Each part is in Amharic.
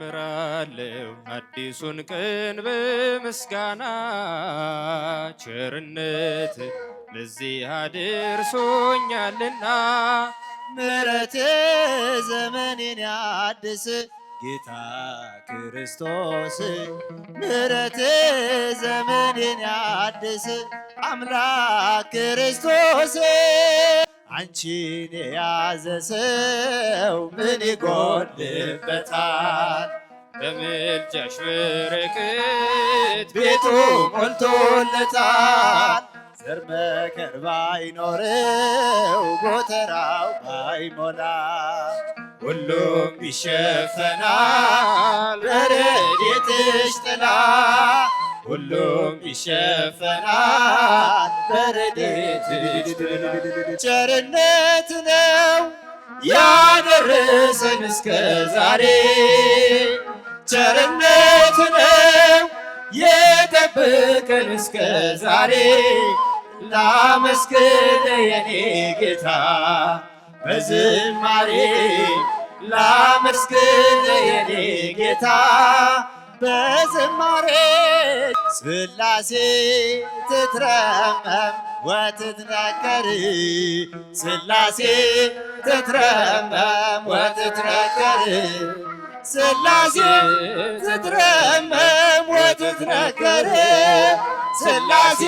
እጀምራለሁ አዲሱን ቀን በምስጋና ቸርነት ለዚህ አድርሶኛልና ምሕረት ዘመኔን ያድስ ጌታ ክርስቶስ ምሕረት ዘመኔን ያድስ አምላክ ክርስቶስ አንቺን የያዘ ሰው ምን ይጎልበታል? በምልጃሽ በረከት ቤቱ ሞልቶለታል። ዘር መከር ባይኖረው ጎተራው ባይሞላ ሁሉም ይሸፈናል በረድኤትሽ ጥላ ሁሉም ይሸፈናል በረድኤት ቸርነት ነው ያደረሰን እስከ ዛሬ ቸርነት ነው የጠበቀን እስከ ዛሬ ላመስግን የኔ ጌታ በዝማሬ ላመስግን የኔ ጌታ በዝማሬ ስላሴ ትትረመም ወትትነከር ስላሴ ትትረመም ስላሴ ትትረመም ወትትነከር ስላሴ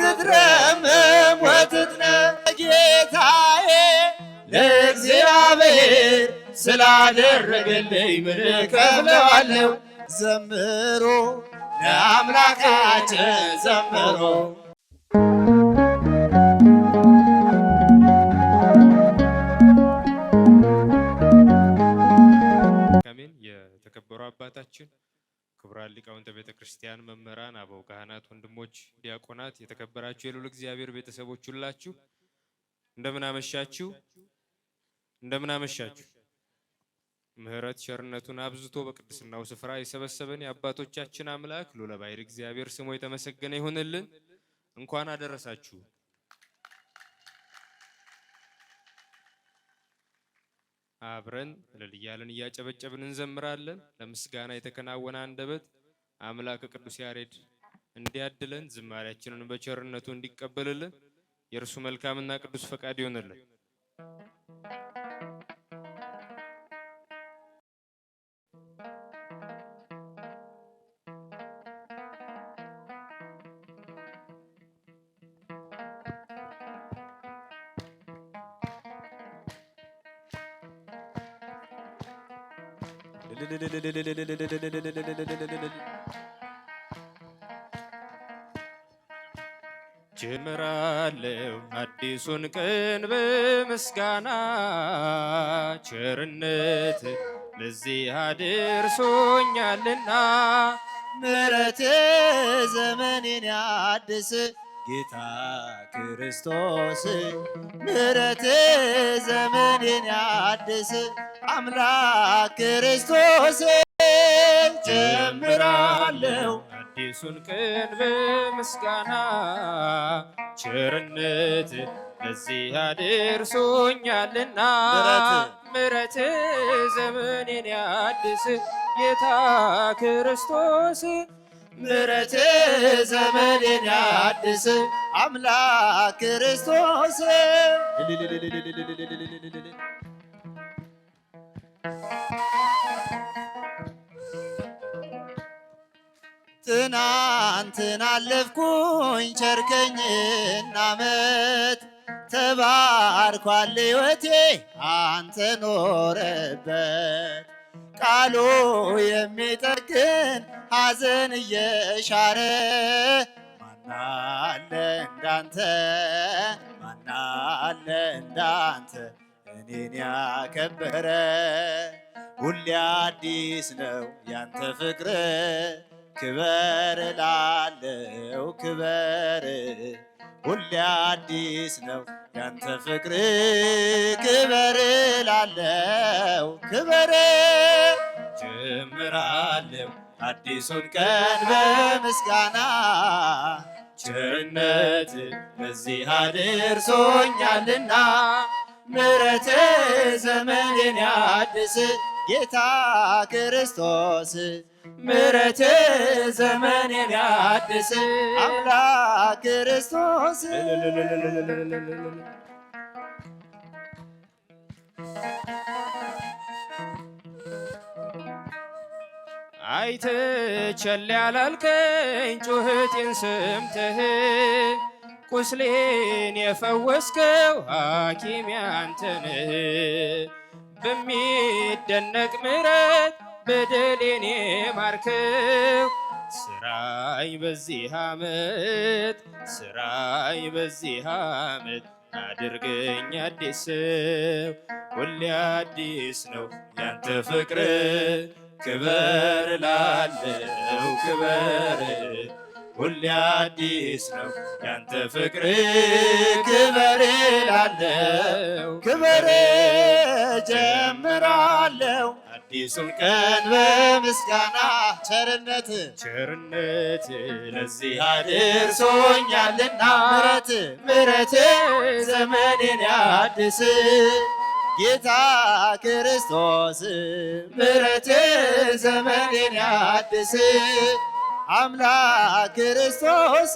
ትትረመም ወትትነ ጌታዬ ለእግዚአብሔር ስላደረገልኝ ምን እከፍለዋለሁ? ዘምሮ ለአምላካችን ዘምሮ የተከበሩ አባታችን ክቡራን ሊቃውንተ ቤተ ክርስቲያን፣ መምህራን፣ አበው ካህናት፣ ወንድሞች ዲያቆናት፣ የተከበራችሁ የልዑል እግዚአብሔር ቤተሰቦች ሁላችሁ እንደምን አመሻችሁ፣ እንደምን አመሻችሁ። ምሕረት ቸርነቱን አብዝቶ በቅድስናው ስፍራ የሰበሰበን የአባቶቻችን አምላክ ልዑለ ባሕርይ እግዚአብሔር ስሙ የተመሰገነ ይሁንልን። እንኳን አደረሳችሁ። አብረን እልል እያጨበጨብን እንዘምራለን። ለምስጋና የተከናወነ አንደበት አምላክ ቅዱስ ያሬድ እንዲያድለን ዝማሬያችንን በቸርነቱ እንዲቀበልልን የእርሱ መልካምና ቅዱስ ፈቃድ ይሆንልን። ጀምራለሁ አዲሱን ቀን በምስጋና ቸርነት ለዚህ አድርሶኛልና ምረት ዘመኔን ያድስ ጌታ ክርስቶስ ምሕረት ዘመኔን ያድስ አምላክ ክርስቶስ ጀምራለው አዲሱን ቀን በምስጋና ቸርነት እዚህ አድርሶኛልና ምሕረት ዘመኔን ያድስ ጌታ ክርስቶስ ምረት ዘመንን ያድስ አምላክ ክርስቶስ ትናንትን አለፍኩኝ ቸርከኝና አመት ተባርኳል ሕይወቴ አንተ ኖረበት ቃሉ የሚጠግን ሐዘን እየሻረ ማናለ እንዳንተ ማናለ እንዳንተ እኔን ያከበረ ሁሌ አዲስ ነው ያንተ ፍቅር ክበር ላለው ክበር ሁሌ አዲስ ነው ያንተ ፍቅር ክበር ላለው ክበር ጀምራለው አዲሱን ቀን በምስጋና ቸርነት በዚህ አድርሶኛልና ምረት ዘመንን ያድስ ጌታ ክርስቶስ ምረት ዘመን ያድስ አምላክ ክርስቶስ ቸል ያላልከኝ ጩኸቴን ሰምተህ ቁስሌን የፈወስከው ሐኪሜ አንተ ነህ በሚደነቅ ምረት በደሌኔ ባርከው ስራይ በዚህ አመት ስራይ በዚህ አመት አድርገኝ አዲስ ሰው ሁሌ አዲስ ነው ያንተ ፍቅር ክበር ላለው ክበር ሁሌ አዲስ ነው ያንተ ፍቅር ክበር ላለው ክበር ጀምራለው ይጹም ቀን በምስጋና ቸርነት ቸርነት ለዚህ አድርሶኛልና ምረት ምረት ዘመኔን ያድስ ጌታ ክርስቶስ ምረት ዘመኔን ያድስ አምላክ ክርስቶስ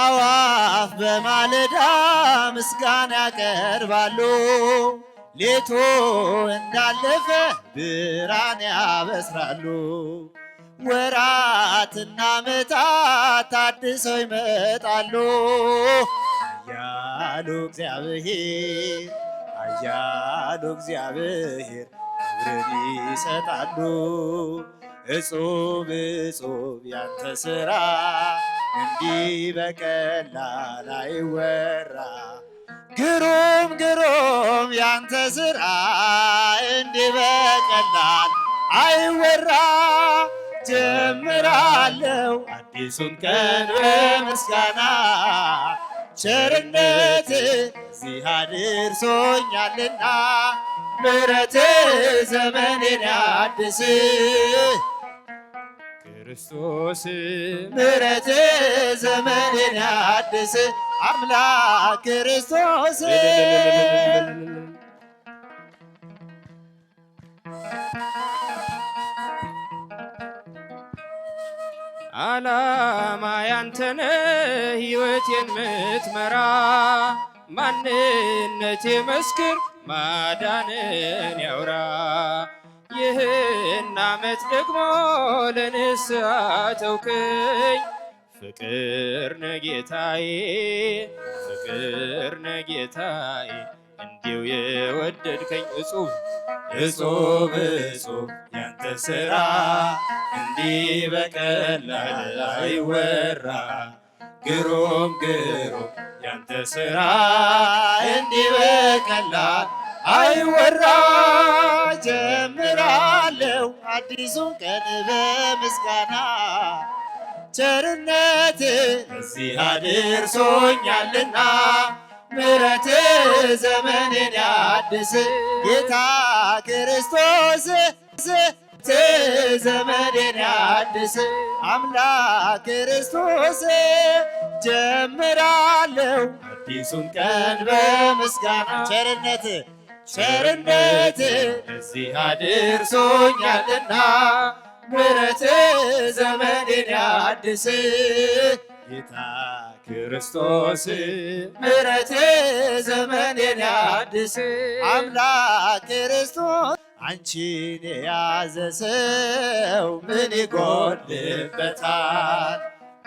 አዋፍ በማለዳ ምስጋና ያቀርባሉ። ሌቶ እንዳለፈ ብርሃን ያበስራሉ። ወራትና ዓመታት ታድሰው ይመጣሉ አያሉ እግዚአብሔር አያሉ እግዚአብሔር ክብርን ይሰጣሉ። እጹብ እጹብ ያንተ ሥራ እንዲህ በቀላል አይወራ ግሩም ግሩም ያንተ ስራ እንዲህ በቀላል አይወራ ጀምራለው አዲሱን ቀን በምስጋና ቸርነት እዚህ አድርሶኛልና ምሕረት ዘመኔን ያድስ ክርስቶስ ምረት ዘመንን አድስ አምላክ ክርስቶስ አላማ ያንተነ ሕይወት ምትመራ ማንነቴ መስክር ማዳንን ያውራ ይህን አመት ደግሞ ለንስሐ ተውከኝ። ፍቅር ነጌታዬ ፍቅር ነጌታዬ እንዲው የወደድከኝ እጹብ እጹብ እጹብ ያንተ ስራ እንዲህ በቀላል አይወራ ግሩም ግሩም ያንተ ስራ እንዲህ በቀላል አይወራ ጀምራለው አዲሱን ቀን በምስጋና ቸርነት እዚህ አድርሶኛልና ምረት ዘመንን ያድስ ጌታ ክርስቶስ ዘመንን ያድስ አምላክ ክርስቶስ ጀምራለው አዲሱን ቀን በምስጋና ቸርነት ቸርነት እዚህ አድርሶኛልና ምረት ዘመኔን ያድስ ጌታ ክርስቶስ ምረት ዘመኔን ያድስ አምላክ ክርስቶስ አንቺን የያዘ ሰው ምን ይጎልበታል?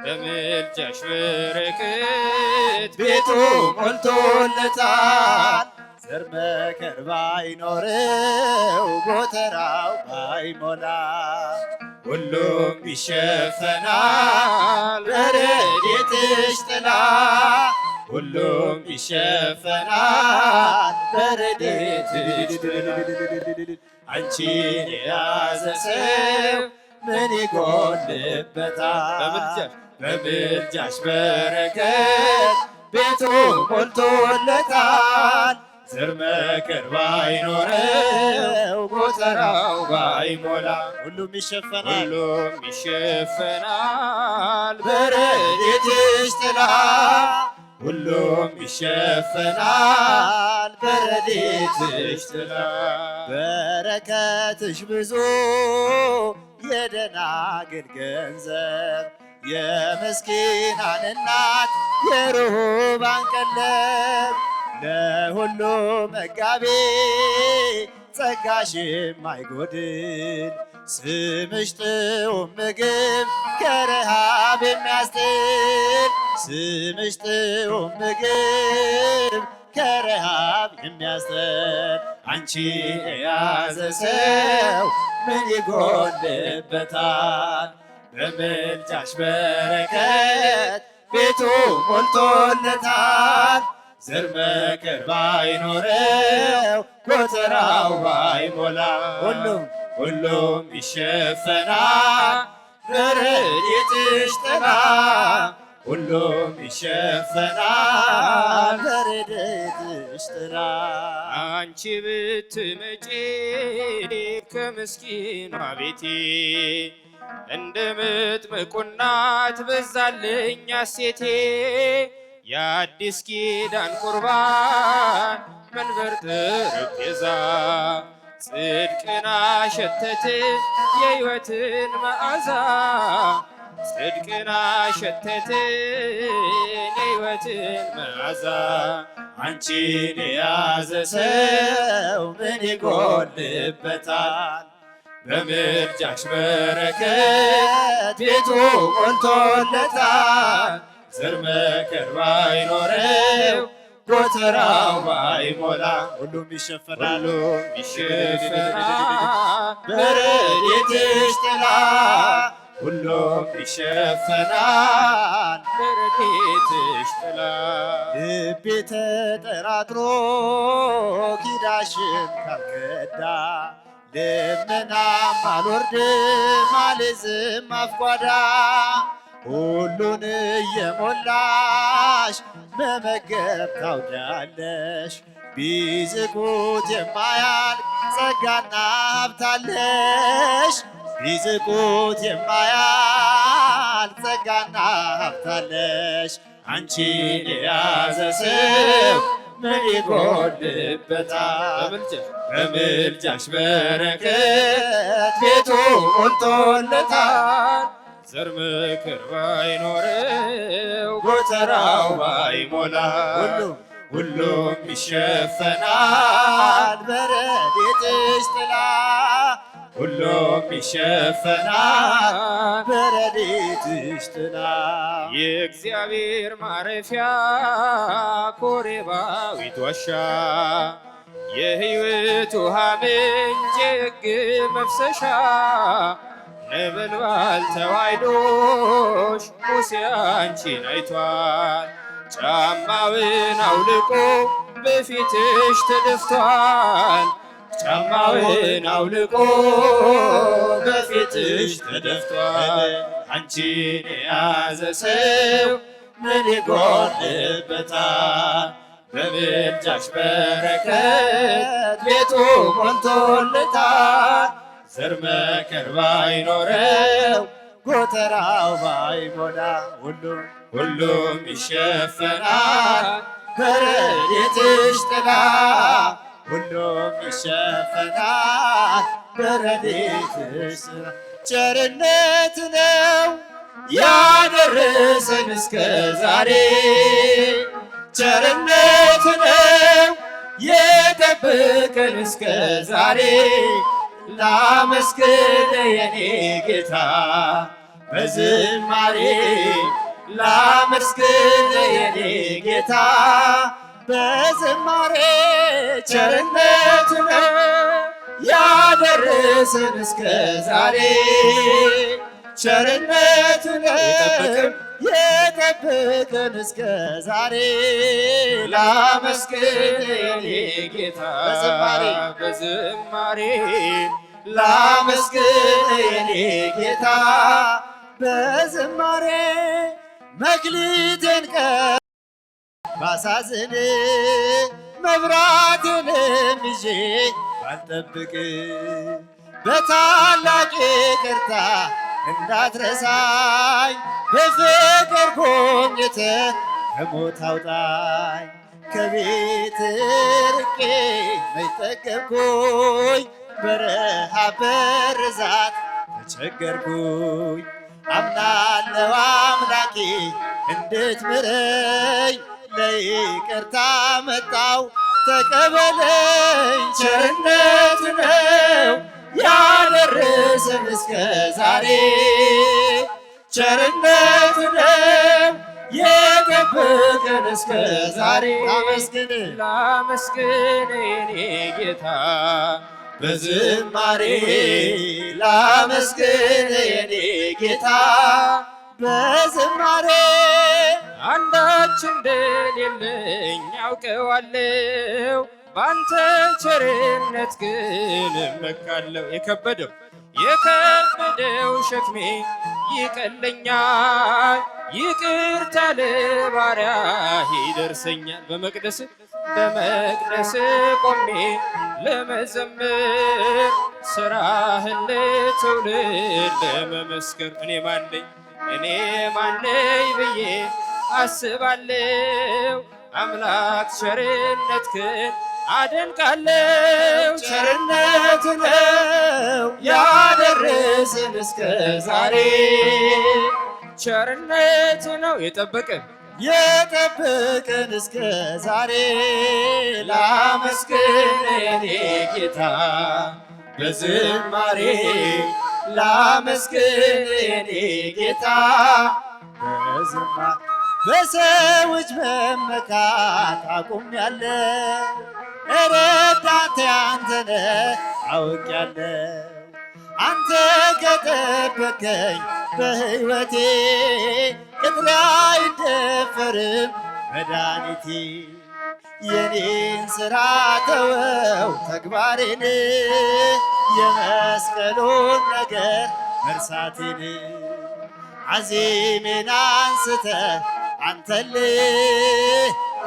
በምልጃሽ በረከት ቤቱ ሞልቶለታል። ዘር መከር ባይኖረው ጎተራው ባይሞላ ሁሉም ይሸፈናል በረድኤትሽ ጥላ ሁሉም ይሸፈናል በረድኤትሽ ጥላ አንቺን የያዘ ሰው ምን ይጎልበታል? በምልጃሽ በረከት ቤቱ ሞልቶለታል። ስር መከር ባይኖረው ጎተራው ባይሞላ ሁሉም ይሸፈናል ሁሉም ይሸፈናል በረድኤትሽ ጥላ ሁሉም ይሸፈናል በረድኤትሽ ጥላ በረከትሽ ብዙ የደናግል ገንዘብ የምስኪናን እናት የርሁባን ቀለብ ለሁሉ መጋቢ ጸጋሽም አይጎድል ስምሽ ጥዑም ምግብ ከረሃብ የሚያስጥል ስምሽ ጥዑም ምግብ ከረሃብ የሚያስጥል አንቺ የያዘ ሰው ምን ይጎድልበታል? በምልጃሽ በረከት ቤቱ ሞልቶለታል። ዘር መከር ባይኖረው ጎተራው ባይሞላ ሁሉም ሁሉም ይሸፈናል በረድኤትሽ ጥላ ሁሉም ይሸፈናል በረድኤትሽ ጥላ አንቺ ብትመጪ ከምስኪኗ ቤቴ እንደ ምጥምቁ ሴቴ። የአዲስ ኪዳን ቁርባን መንበር ጠረጴዛ ጽድቅና ሸተት የሕይወትን መዓዛ ጽድቅና ሸተትን የሕይወትን መዓዛ አንቺን የያዘ ሰው ምን ይጎልበታል? በምልጃሽ በረከት ቤቱ ሞልቶለታል። ዘር መከር ባይኖረው ጎተራው ባይሞላ ሁሉም ይሸፈናሉ ይሸፈና በረድኤትሽ ጥላ ሁሉም ይሸፈናል በረድኤትሽ ጥላ ልቤ ተጠራጥሮ ኪዳሽን ካልከዳ ልመናም አልወርድም አልዝም አፍጓዳ ሁሉን እየሞላሽ መመገብ ታውቂያለሽ። ቢዝቁት የማያልቅ ጸጋና ሀብታለሽ። ቢዝቁት የማያልቅ ጸጋና ሀብታለሽ። አንቺን የያዘ ሰው ምን በምልጃሽ በረከት ቤቱ ሞልቶለታል። ዘር ምክር ባይኖረው ጎተራው ባይሞላ ሁሉም ይሸፈናል በረድኤትሽ ጥላ ሁሉም ይሸፈናል በረድኤትሽ ጥላ የእግዚአብሔር ማረፊያ ኮሬባዊት ዋሻ የሕይወት ውሃ ምንጭ የሕግ መፍሰሻ ነበልባል ተዋሕዶሽ ሙሴ አንቺን አይቷል። ጫማውን አውልቆ በፊትሽ ተደፍቷል። ጫማውን አውልቆ በፊትሽ ተደፍቷል። አንቺን የያዘ ሰው ምን ይጎድልበታል? በምልጃሽ በረከት ቤቱ ሞልቶለታል። ስር መከር ባይኖረው ጎተራው ባይሞላ ሁሉም ሁሉም ይሸፈናል በረድኤትሽ ጥላ ሁሉም ይሸፈናል በረድኤትሽ ቸርነት ነው ያደረሰን እስከ ዛሬ ቸርነት ነው የጠበቀን እስከ ዛሬ ላመስግን የኔ ጌታ በዝማሬ ላመስግን የኔ ጌታ በዝማሬ ቸርነት ያደረሰን እስከ ዛሬ ቸርነት ነው የጠበቀን እስከ ዛሬ ላመስግን ጌታ በዝማሬ ላመስግን ጌታ በዝማሬ መክሊቴን ቀ ባሳዝን መብራትንም ይዤ ባልጠብቅ በታላቅ ይቅርታ እንዳትረሳኝ በፍቅር ጎብኝተ ከሞት አውጣኝ ከቤት ርቄ መይጠገብኩኝ በረሃ በርዛት ተቸገርኩኝ አምናለው አምላኬ እንድትምረኝ ለይቅርታ መጣው ተቀበለኝ ቸርነት ነው ያደረሰን እስከ ዛሬ ቸርነቱ ነው የጠበቀን እስከ ዛሬ። ላመስግን ላመስግን የኔ ጌታ በዝማሬ ላመስግን የኔ ጌታ በዝማሬ አንዳች እንደሌለኝ አውቀዋለሁ ባንተ ቸርነት ግን እመካለሁ። የከበደው የከበደው ሸክሜ ይቀለኛል፣ ይቅርታ ለባሪያ ይደርሰኛል። በመቅደስ በመቅደስ ቆሜ ለመዘምር ስራህን ለትውልድ ለመመስከር እኔ ማነኝ እኔ ማነኝ ብዬ አስባለው አምላክ ቸርነት አደንቃለው ቸርነት ነው ያደረሰን እስከ ዛሬ ቸርነት ነው የጠበቀን የጠበቀን እስከ ዛሬ ላመስግን የኔ ጌታ በዝማሬ ላመስግን የኔ ጌታ በዝማሬ በሰዎች መመካት አቁም ያለ ረዳቴ አንተነ አውቅያለሁ አንተ ከጠበቀኝ በሕይወቴ ቅጥሬ አይደፈርም መድኃኒቴ። የኔን ሥራ ተወው ተግባሬን የመስቀሉን ነገር መርሳቴን አዜሜን አንስተ አንተል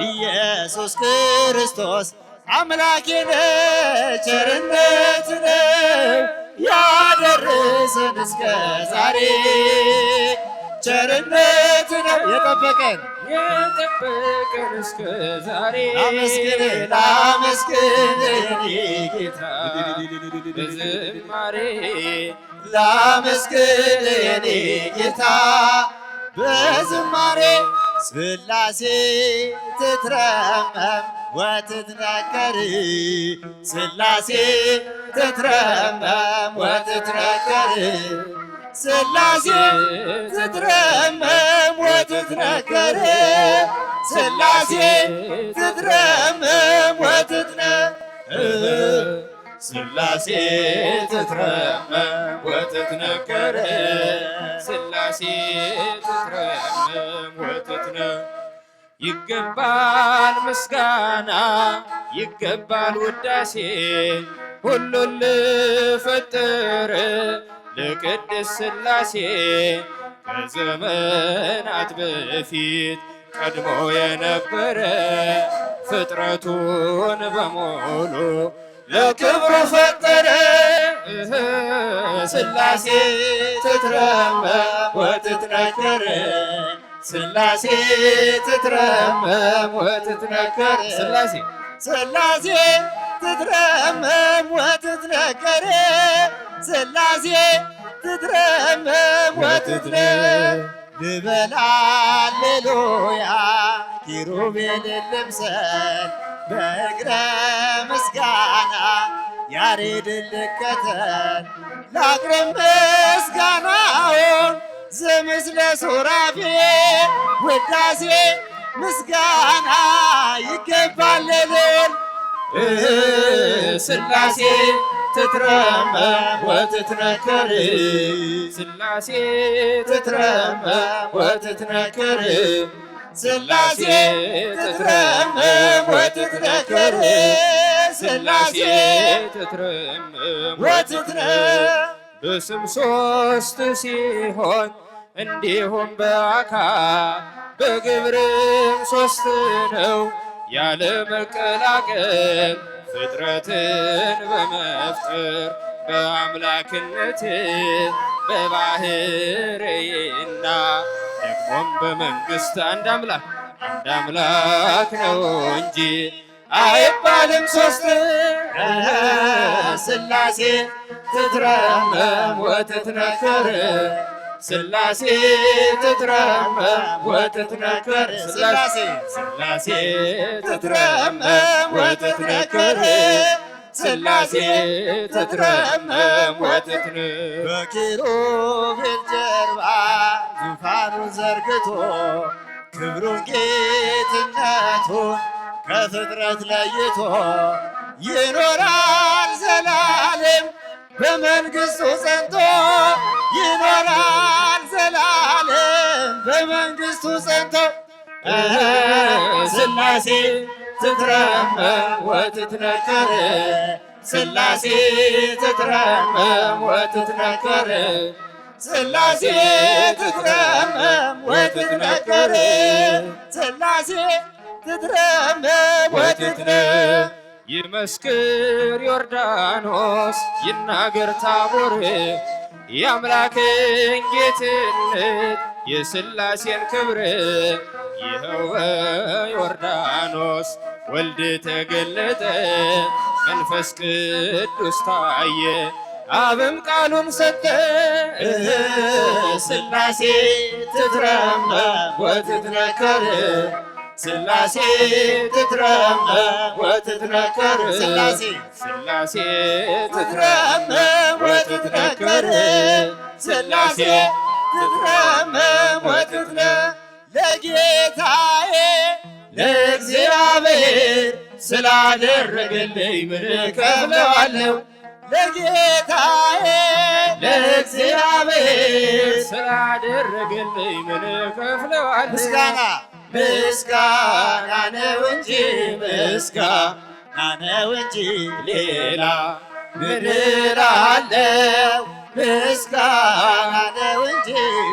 ኢየሱስ ክርስቶስ አምላኬ በቸርነት ነው ያደረሰን እስከ ዛሬ ቸርነት ነው የጠበቀን የጠበቀን እስከ ዛሬ አመስግን አመስግን ጌታ በዝማሬ ላመስግን የኔ ጌታ በዝማሬ ስላሴ ትትረመም ወትትነከር ስላሴ ትትረመም ወትትነከር ስላሴ ትትረመም ወትትነከር ስላሴ ትትረመም ወትትነ ሥላሴ ትትረመ ወትትነከረ ሥላሴ ትትረመ ወትትነ ይገባል ምስጋና ይገባል ውዳሴ ሁሉን ልፈጠረ ለቅድስ ሥላሴ ከዘመናት በፊት ቀድሞ የነበረ ፍጥረቱን በሙሉ ለክብሩ ፈጠረ ስላሴ ትትረመ ወትትነከረ ስላሴ ትትረመ ወትትነከረ ሥላሴ ስላሴ ትትረመ ወትትነከረ ሥላሴ ትትረመ ወትትነ ልበል ሃሌሉያ ኪሩቤልን ልብሰል በእግረ ምስጋና ያሬድ ልከተል ላቅርብ ምስጋናውን ዝምስለ ሱራፌ ውዳሴ ምስጋና ይገባል ልል ስላሴ ትትረመ ወትትነከር ስላሴ ትትረመ ወትትነከር ስላሴ በስም ሶስት ሲሆን እንዲሁም በአካል በግብርም ሶስት ነው ያለ መቀላቀል ፍጥረትን በመፍጠር በአምላክነት በባህርይና ቆም በመንግስት አንድ አምላክ አንድ አምላክ ነው እንጂ አይባልም ሶስት ስላሴ ትትረመም ወትትነከር ስላሴ ትትረመም ወትትነከር ስላሴ ትትረመም ወትትነከር ስላሴ ትትረመም ወትትነ በኪሩቤል ጀርባ ዙፋኑን ዘርግቶ ክብሩን ጌትነቱን ከፍጥረት ለይቶ ይኖራል ዘላለም በመንግስቱ ጸንቶ ይኖራል ዘላለም በመንግሥቱ ጸንቶ ሥላሴ ትትረመም ወትትነከር ሥላሴ ትትረመም ወትትነከር ሥላሴ ትትረመም ወትትነገር ሥላሴ ትትረመም ወትትነ ይመስክር ዮርዳኖስ ይናገር ታቦር የአምላክን ጌትነት የሥላሴን ክብር ይኸው ዮርዳኖስ ወልድ ተገለጠ መንፈስ ቅዱስ ታየ አብም ቃሉን ሰጠ ስላሴ ትትረመ ወትትነከር ሥላሴ ትትረመ ወትትነከር ሥላሴ ትትረመ ወትትነከር ሥላሴ ትትረመ ወትትነ ለጌታዬ ለእግዚአብሔር ስላደረገልኝ ምን እከፍለዋለሁ ለጌታዬ ለእግዚአብሔር ስላደረገልኝ ምን ከፍለዋል? ምስጋና ምስጋና ነው እንጂ ምስጋና ነው እንጂ ሌላ ምድር አለው ምስጋና ነው እንጂ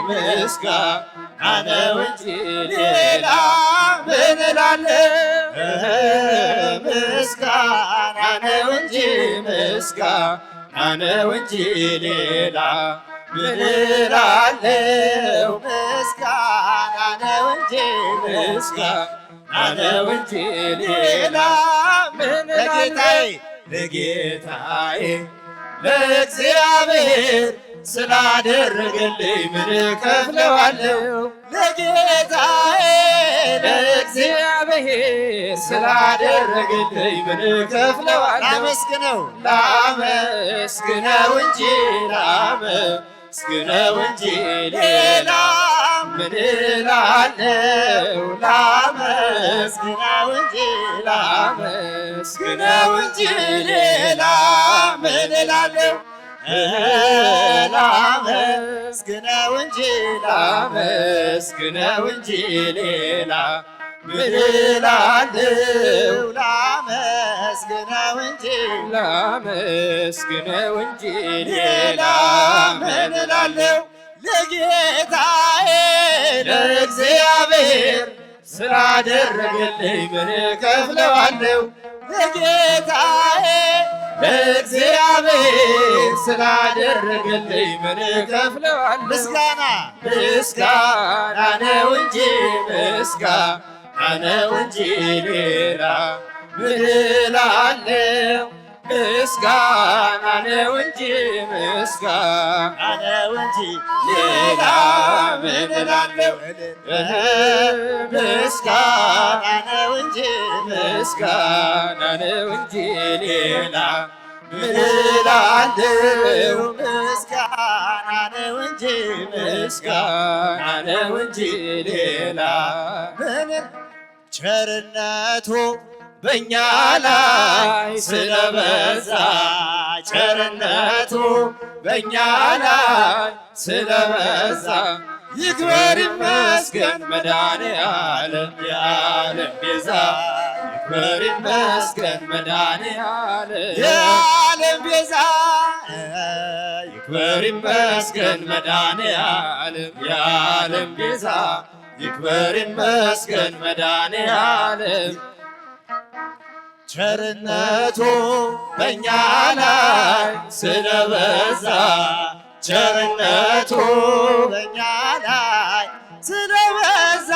ምስጋና ካንተ ውጪ ሌላ ምን እላለሁ? ምስጋና ነው እንጂ ምስጋና ነው እንጂ ሌላ ምን እላለሁ? ምስጋና ነው እንጂ ምስጋና ነው እንጂ ሌላ ምን እላለሁ? ለጌታዬ ለጌታዬ ለእግዚአብሔር ስላደረገልኝ ምን ከፍለዋለሁ? ለጌታዬ ለእግዚአብሔር ስላደረገልኝ ምን ከፍለዋለሁ? ላመስግነው ላመስግነው እንጂ ላመስግነው እንጂ ሌላ ምን እላለሁ? ላመስግነው እንጂ ላመስግነው እንጂ ሌላ ምን እላለሁ? ላመስግነው እንጂ ላመስግነው እንጂ ሌላ ምን እላለሁ? ላመስግነው እንጂ ላመስግነው እንጂ ሌላ ምን እላለሁ? ለጌታዬ ለእግዚአብሔር ስላደረገልኝ ምን እከፍለዋለሁ? ለጌታዬ እግዚአብሔር ስላደረገልኝ ምን ከፍለዋል? ምስጋና ምስጋና ነው እንጂ ምስጋና ነው እንጂ ሌላ ምን እላለሁ? ምስጋና ነው እንጂ ምስጋና ነው እንጂ ሌላ ምን እላለሁ? ምስጋና ነው እንጂ ምስጋና ነው እንጂ ሌላ ምን እላለሁ? ምስጋና ነው እንጂ ምስጋና ነው እንጂ ሌላ ምን ቸርነቱ በእኛ ላይ ስለበዛ ቸርነቱ በእኛ ላይ ስለበዛ ይክበር ይመስገን መድኃኔዓለም የዓለም ቤዛ ይክበር ይመስገን መድኃኔዓለም የዓለም ቤዛ ይክበር ይመስገን መድኃኔዓለም የዓለም ቤዛ ይክበር ይመስገን መድኃኔዓለም ቸርነቱ በእኛ ላይ ስለበዛ ቸርነቱ በእኛ ላይ ስለበዛ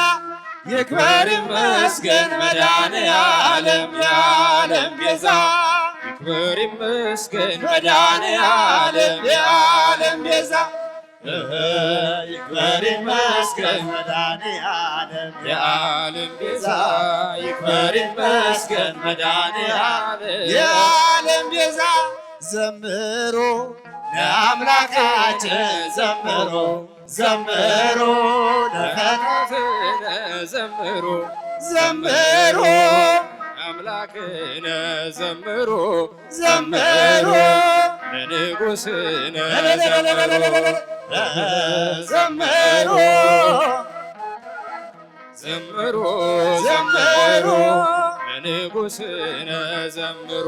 ይክበር ይመስገን መድኃኔ ዓለም የዓለም ቤዛ ይክበር ይመስገን መድኃኔ ዓለም ቤዛ ይክበር ይመስገን መድኃኒዓለም የዓለም ቤዛ ይክበር ይመስገን መድኃኒዓለም የዓለም ቤዛ ዘምሮ ለአምላካችን ዘምሮ ዘምሮ ለፈጣሪነ ዘምሮ ዘምሮ አምላክነ ዘምሮ ዘምሮ ለንጉሥነ ዘምሮ ዘምሩ ዘምሩ ዘምሩ ለንጉሥነ ዘምሩ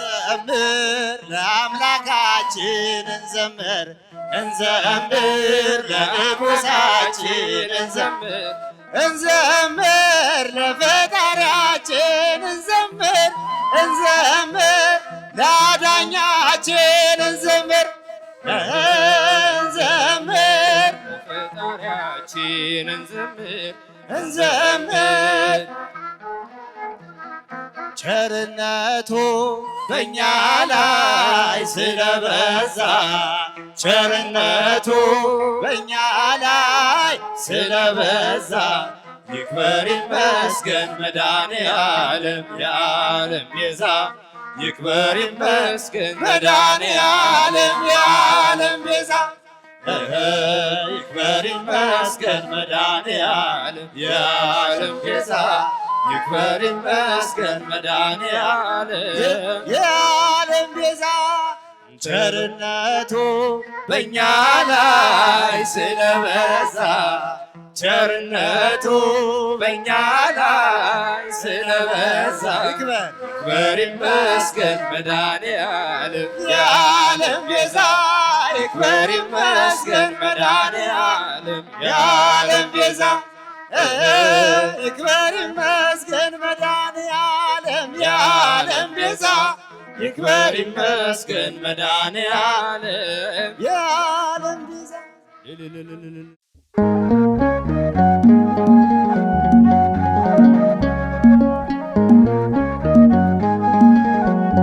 ዘምር ለአምላካችን እንዘምር እንዘምር ለንጉሳችን እንዘምር እንዘምር ለፈጣሪያችን እንዘምር እንዘምር ለአዳኛችን እንዘምር ጌታችን እንዘምር እንዘምር ቸርነቱ በእኛ ላይ ስለበዛ ቸርነቱ በእኛ ላይ ስለበዛ ይክበር ይመስገን መድኃኔ ዓለም የዓለም ቤዛ ይክበር ይመስገን መድኃኔ ዓለም የዓለም ቤዛ ይክበር ይመስገን መድኃኒዓለም የዓለም ጌታ ይክበር ይመስገን መድኃኒዓለም የዓለም ቤዛ ቸርነቱ በእኛ ላይ ስለበዛ ቸርነቱ በእኛ ላይ ስለበዛ ይክበር ይመስገን መድኃኒዓለም የዓለም ቤዛ ይክበር ይመስገን መድኃኒዓለም የዓለም ቤዛ ይክበር ይመስገን መድኃኒዓለም የዓለም ቤዛ ይክበር ይመስገን መድኃኒዓለም የዓለም ቤዛ